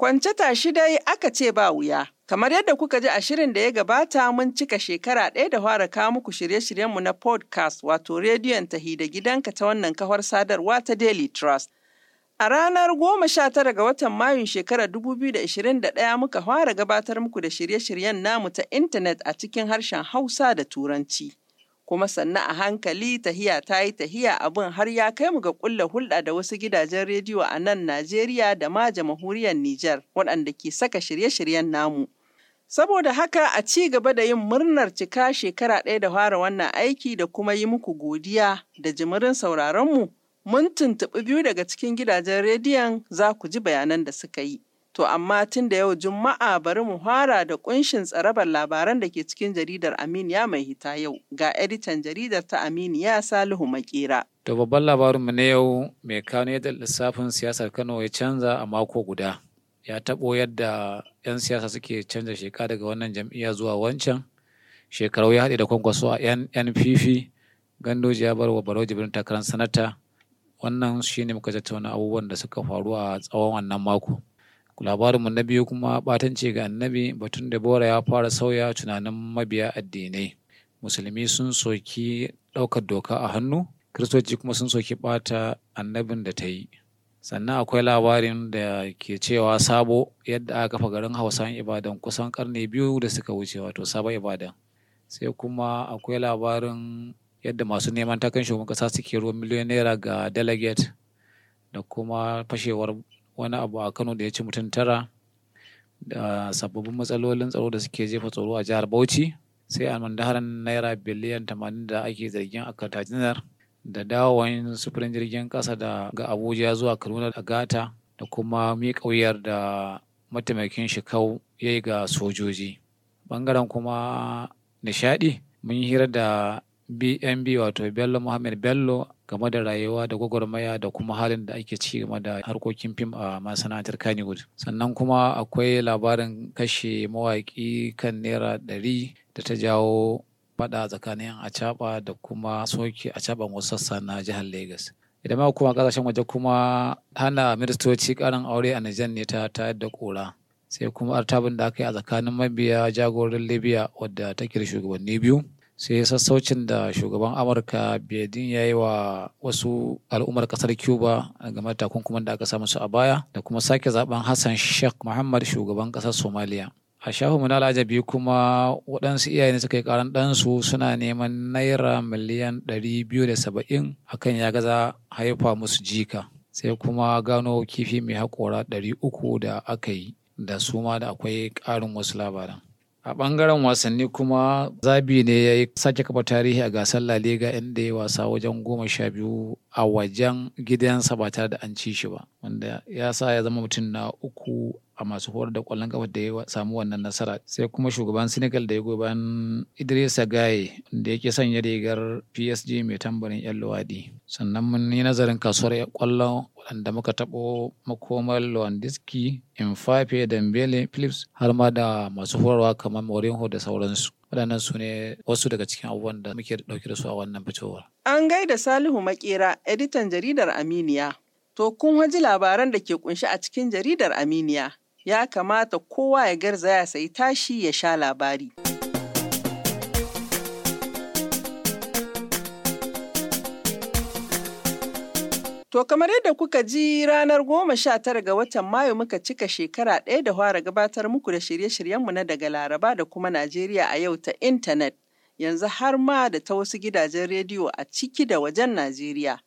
Kwance shi dai aka ce ba wuya. Kamar yadda kuka ji a shirin da ya gabata mun cika shekara ɗaya da fara ka muku shirye-shiryenmu na podcast wato rediyon tahida da gidanka ta wannan kafar sadarwa ta Daily Trust. A ranar goma sha tara ga watan Mayun shekarar ɗaya muka fara gabatar muku da shirye-shiryen namu ta intanet a cikin harshen Hausa da Turanci. kuma sannan a hankali tahiya ta yi tahiya abin har ya kai mu ga kulla hulɗa da wasu gidajen rediyo a nan Najeriya da ma jamhuriyar Nijar waɗanda ke saka shirye-shiryen namu. Saboda haka a ci gaba da yin murnar cika shekara ɗaya da fara wannan aiki da kuma yi muku godiya da jimirin sauraronmu, mun tuntuɓi biyu daga cikin gidajen rediyon za ku ji bayanan da suka yi. To amma tun da yau Juma'a bari mu fara da kunshin tsarabar labaran da ke cikin jaridar Aminiya mai hita yau ga editan jaridar ta ya Salihu Makera. To babban labarin mu na yau mai kano yadda lissafin siyasar Kano ya canza a mako guda. Ya tabo yadda 'yan siyasa suke canza sheka daga wannan jam'iyya zuwa wancan. Shekarau ya haɗe da kwankwaso a NPP. Gandoji ya bar wa Barau Jibrin takarar sanata. Wannan shine muka tattauna abubuwan da suka faru a tsawon wannan mako. labarin mu na biyu kuma batance ga annabi batun da bora ya fara sauya tunanin mabiya addinai. Musulmi sun soki ɗaukar doka a hannu, Kiristoci kuma sun soki ɓata annabin da ta yi. Sannan akwai labarin da ke cewa sabo yadda aka kafa garin Hausan Ibadan kusan karni biyu da suka wuce wato sabon Ibadan. Sai kuma akwai labarin yadda masu neman takan shugaban kasa suke ruwan miliyon naira ga delegate da kuma fashewar wani abu a Kano da ya ci mutum tara da sababbin matsalolin tsaro da suke jefa tsoro a jihar Bauchi sai a mandaharan naira biliyan tamanin da ake zargin a katajinar da dawowin sufurin jirgin kasa da ga Abuja zuwa Kaduna da Gata da kuma miƙauyar da mataimakin shikau ya yi ga sojoji. Bangaren kuma nishaɗi mun hira da BNB wato Bello Muhammad Bello game da rayuwa da gwagwarmaya da kuma halin da ake ci game da harkokin fim a masana'antar Kannywood. Sannan kuma akwai labarin kashe mawaƙi kan naira ɗari da ta jawo faɗa tsakanin acaba da kuma soke acaban wasu sassa na jihar Legas. Idan ma kuma kasashen waje kuma hana ministoci karin aure a Nijar ne ta tayar da kura Sai kuma artabin da aka yi a tsakanin mabiya jagorin Libya wadda ta da shugabanni biyu. sai sassaucin da shugaban amurka bedin ya yi wa wasu al'ummar kasar cuba game da takunkuman da aka samu su a baya da kuma sake zaben hassan sheikh muhammad shugaban kasar somaliya a shafin na alajabi kuma waɗansu iyaye ne suka yi karan ɗansu suna neman naira miliyan 270 akan ya gaza haifa musu jika sai kuma gano kifi mai haƙora 300 da aka yi da suma da akwai ƙarin wasu labaran A ɓangaren wasanni kuma zabi ne ya yi sake kafa tarihi a gasar lalega Liga inda ya wasa wajen goma sha biyu a wajen gidansa ba tare da an ci shi ba. Wanda ya sa ya zama mutum na uku a masu horar da kwallon kafa da ya samu wannan nasara sai kuma shugaban senegal da ya goban idrissa gaye da yake sanya rigar psg mai tambarin yan luwaɗi. sannan mun yi nazarin kasuwar kwallon waɗanda muka taɓo makomar Lewandowski, Infafe, Dembele, Phillips har ma da masu horarwa kamar Mourinho da sauransu. waɗannan su ne wasu daga cikin abubuwan da muke ɗauke da su a wannan fitowar. An gaida Salihu Makera, editan jaridar Aminiya. To kun waji labaran da ke kunshi a cikin jaridar Aminiya, ya kamata kowa ya garza ya sayi tashi ya sha labari. To kamar yadda kuka ji ranar goma sha tara ga watan Mayu muka cika shekara ɗaya da fara gabatar muku da shirye-shiryenmu na daga Laraba da kuma Najeriya a yau ta intanet yanzu har ma da ta wasu gidajen rediyo a ciki da wajen Najeriya.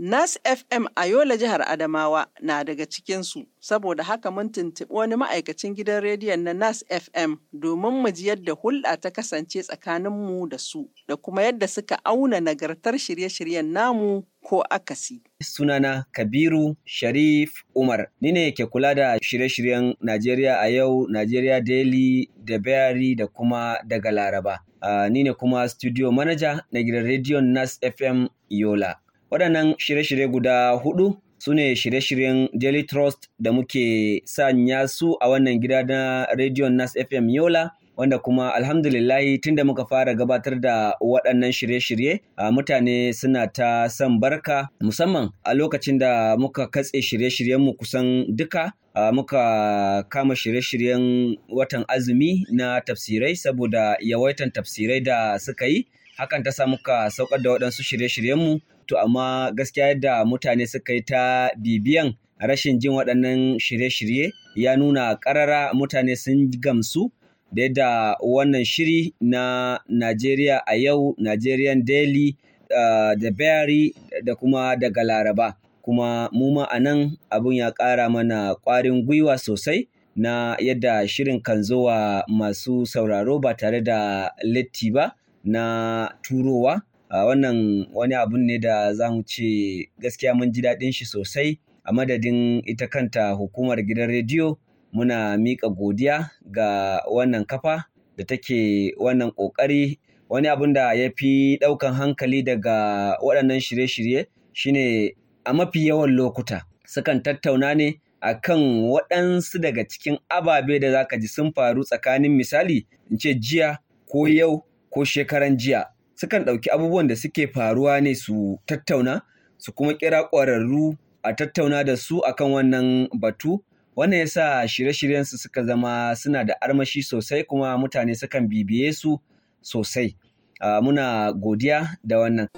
Nas FM a Yola jihar Adamawa na daga cikinsu, saboda haka mun tuntuɓi wani ma'aikacin gidan rediyon na Nas FM domin mu ji yadda hulɗa ta kasance tsakaninmu da su, da kuma yadda suka auna nagartar shirye-shiryen namu ko akasi. Sunana Kabiru Sharif Umar, ni ne ke kula da shirye-shiryen Najeriya a yau, Najeriya Daily, da Bayari da kuma daga Laraba. Uh, ni ne kuma studio manager na gidan rediyon Nas FM Yola. Waɗannan shirye-shirye guda hudu su ne shirye-shiryen Daily Trust da muke sanya su a wannan gida na Radio Nas FM Yola. wanda kuma alhamdulillahi tunda muka fara gabatar da waɗannan shirye-shirye mutane suna ta son barka musamman a lokacin da muka katse shirye-shiryenmu kusan duka muka kama shirye-shiryen watan azumi na tafsirai saboda yawaitan tafsirai da suka yi hakan ta sa muka saukar da waɗansu shirye-shiryenmu to amma gaskiya yadda mutane suka yi ta bibiyan rashin jin waɗannan shirye-shirye ya nuna ƙarara mutane sun gamsu da yadda wannan shiri na Najeriya a yau, Nigerian Daily, uh, da Bayari da kuma daga Laraba. Kuma mu ma a nan abin ya ƙara mana ƙwarin gwiwa sosai na yadda shirin kan zo masu sauraro ba tare da latti ba, na turowa. Wannan wani abun ne da za mu ce gaskiya mun ji daɗin shi sosai. A madadin ita kanta hukumar gidan rediyo muna miƙa godiya ga wannan kafa da take wannan ƙoƙari. Wani abun da ya fi ɗaukan hankali daga waɗannan shirye-shirye shine a mafi yawan lokuta sukan tattauna ne a kan waɗansu daga cikin ababe da za ka ji sun faru tsakanin misali in ce jiya ko yau ko shekaran jiya sukan ɗauki abubuwan da suke faruwa ne su tattauna su kuma kira ƙwararru a tattauna da su akan wannan batu wannan ya sa shirye su suka zama suna da armashi sosai kuma mutane sukan bibiye su sosai ah, muna godiya da wannan.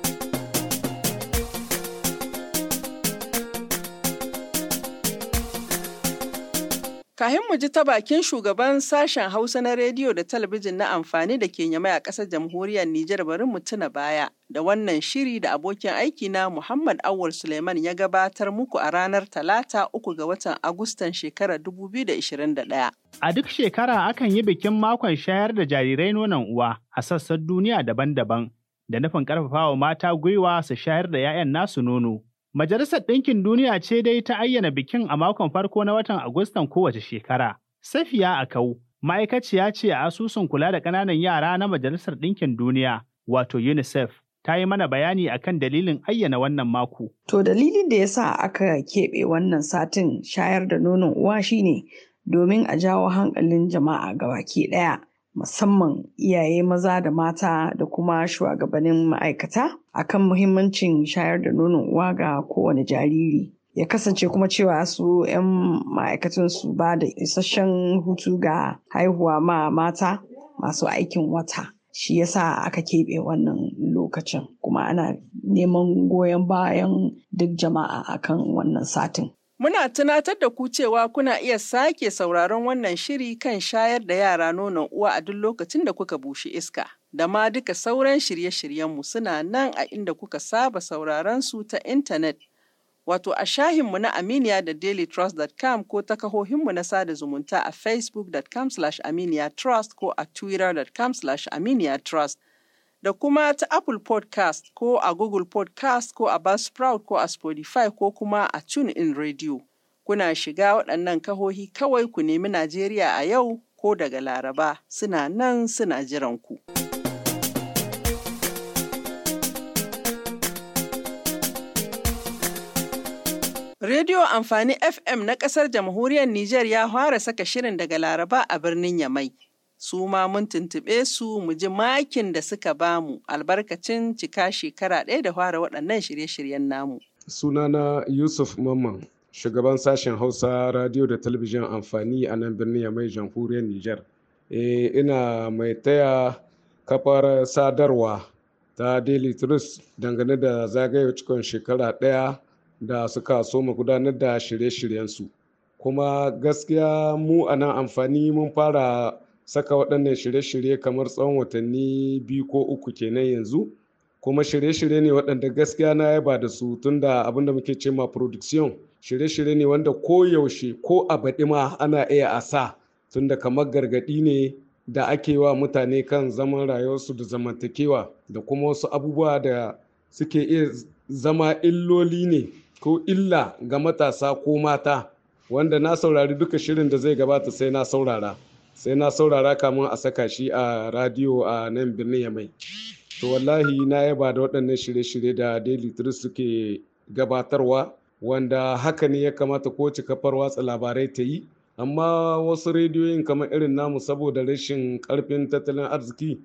Kahin mu ji ta bakin shugaban sashen Hausa na rediyo da talabijin na amfani da ke nyamai a ƙasar jamhuriyar Nijar bari mu tuna baya da wannan shiri da abokin aiki na Muhammad Awul Suleiman ya gabatar muku a ranar Talata uku ga watan Agustan shekarar 2021. A duk shekara akan yi bikin makon shayar da jarirai nonon uwa a sassan duniya daban-daban da nufin ƙarfafawa mata gwiwa su shayar da 'ya'yan nasu nono. Majalisar Ɗinkin Duniya ce dai ta ayyana bikin a makon farko na watan Agustan kowace shekara. Safiya Akau, ma'aikaciya ce a asusun kula da ƙananan yara na Majalisar Ɗinkin Duniya, wato UNICEF. Ta yi mana bayani a kan dalilin ayyana wannan mako. To dalilin da ya sa aka keɓe wannan satin shayar da nonon uwa shine domin a jawo hankalin jama'a ga baki ɗaya musamman iyaye maza da mata da kuma shugabannin ma'aikata akan muhimmancin shayar da nonon uwa ga kowane jariri. Ya kasance kuma cewa su 'yan ma'aikatan su ba da isasshen hutu ga haihuwa ma mata masu aikin wata. Shi yasa aka keɓe wannan lokacin kuma ana neman goyon bayan duk jama'a akan wannan satin. Muna tunatar da ku cewa kuna iya sake sauraron wannan shiri kan shayar da yara nonon uwa a duk lokacin da kuka bushe iska. Da ma duka sauran shirye-shiryenmu suna nan a inda kuka saba sauraron su ta intanet. Wato a shahinmu na Aminiya da dailytrust.com ko ta kahohinmu na sada zumunta a facebookcom aminiyatrust ko a twittercom aminiyatrust trust. da kuma ta Apple podcast ko a Google podcast ko a Buzzsprout ko a Spotify ko kuma a TuneIn Radio. Kuna shiga waɗannan kahohi kawai ku nemi Najeriya a yau ko daga Laraba suna nan suna jiran ku. Radio Amfani FM na ƙasar Jamhuriyar Nijar ya fara saka shirin daga Laraba a birnin Yamai. su ma mun tuntuɓe su mu ji makin da suka ba mu albarkacin cika shekara ɗaya da fara waɗannan shirye-shiryen namu. Sunana Yusuf Mamman, shugaban sashen Hausa radio da talabijin amfani a nan birnin mai jamhuriyar Nijar. E, ina mai taya kafar sadarwa ta Daily Trust dangane da zagayewar cikon shekara ɗaya da suka so mu gudanar da shirye-shiryensu. Kuma gaskiya mu a nan amfani mun fara saka waɗannan shirye-shirye kamar tsawon watanni biyu ko uku kenan yanzu kuma shirye-shirye ne waɗanda gaskiya na yaba da su tun da abin da muke ce ma production shirye-shirye ne wanda ko yaushe ko a baɗi ma ana iya a sa tun kamar gargaɗi ne da ake wa mutane kan zaman rayuwarsu da zamantakewa da kuma wasu abubuwa da suke iya zama illoli ne ko illa ga matasa ko mata wanda na saurari duka shirin da zai gabata sai na saurara sai na saurara kamun a saka shi a radiyo a nan birnin yamai to wallahi na yaba da waɗannan shirye-shirye da daily trust suke gabatarwa wanda haka ne ya kamata kowace kafar watsa labarai ta yi amma wasu rediyoyin kamar irin namu saboda rashin karfin tattalin arziki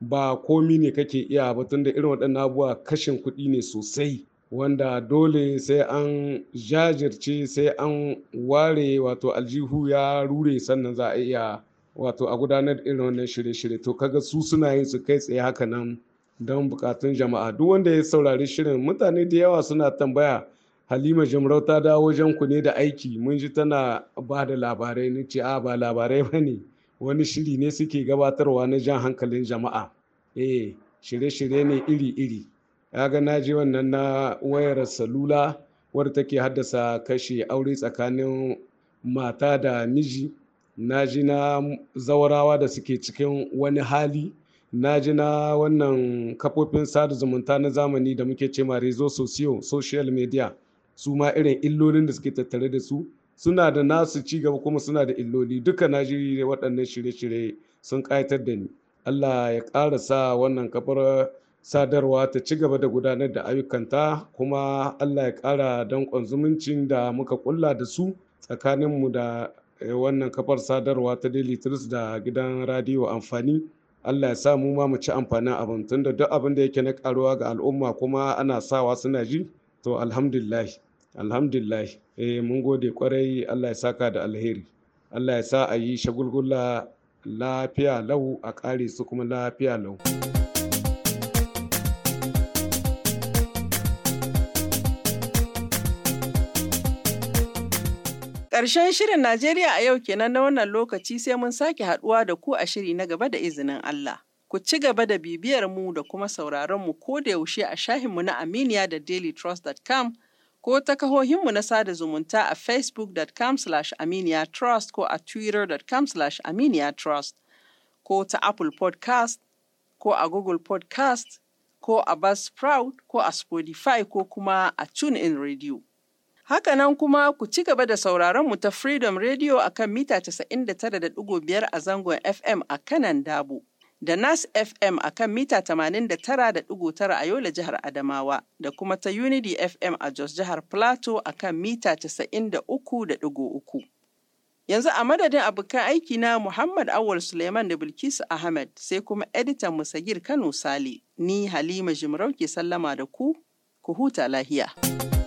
ba komi ne kake iya ba tunda irin waɗannan abubuwa kashin kuɗi ne sosai wanda dole sai an jajirce sai an ware wato aljihu ya rure sannan za a iya wato a gudanar irin wannan shirye-shirye to kaga su suna yin su kai tsaye haka nan don bukatun jama'a duk wanda ya saurari shirin mutane da yawa suna tambaya halima jimrau ta dawo wajen ku ne da aiki mun ji tana ba da labarai ni ce a ba labarai ba ne wani shiri ne suke gabatarwa na jan hankalin jama'a eh shirye-shirye ne iri-iri Ya ga na ji wannan na wayar salula wadda take haddasa kashe aure tsakanin mata da miji na ji na zawarawa da suke cikin wani hali na ji na wannan kafofin sada zumunta na zamani da muke ce ma rezo sosiyo social media su ma irin illolin da suke tattare da su suna da nasu ci gaba kuma suna da illoli duka na ji waɗannan shirye-shirye sun ƙayatar da ni allah ya ƙara sa wannan kafar sadarwa ta ci gaba da gudanar da ayyukanta kuma allah ya ƙara danƙon zumuncin da muka kulla da su tsakaninmu da Eh, wannan kafar sadarwa ta daily trust da gidan radiyo amfani allah ya sa mu ma mu ci amfanin abin tunda duk abin da yake na karuwa ga al'umma kuma ana sawa suna ji to alhamdulillah alhamdulillah eh mun gode kwarai allah ya saka da alheri allah ya sa a yi shagulgula lafiya lau a kare su kuma lafiya lau Ƙarshen shirin Najeriya a yau kenan na wannan lokaci sai mun sake haɗuwa da ku a shiri na gaba da izinin Allah. Ku ci gaba da bibiyar mu da kuma sauraron mu ko da yaushe a shahinmu na Aminiya da dailytrust.com ko ta kahohinmu na sada zumunta a facebookcom aminiyatrust ko a twittercom aminiyatrust ko ta Apple podcast ko a Google podcast ko a Buzzsprout ko a Spotify ko kuma a TuneIn Radio. Haka nan kuma ku ci gaba da sauraron mu ta Freedom Radio a kan mita 99.5 a zangon FM a kanan Dabo. Da Nas FM a kan mita 89.9 a Yola jihar Adamawa da kuma ta Unity FM a Jos jihar Plateau a kan mita 93.3. Yanzu a madadin abokan aiki na Muhammad Awal Suleiman da Bilkisu Ahmed sai kuma editan Musagir Kano Sale, ni Halima Jimarauke sallama da ku, ku huta lahiya.